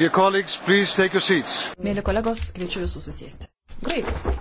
Mėly kolegos, kviečiu visus susėsti. Graikus.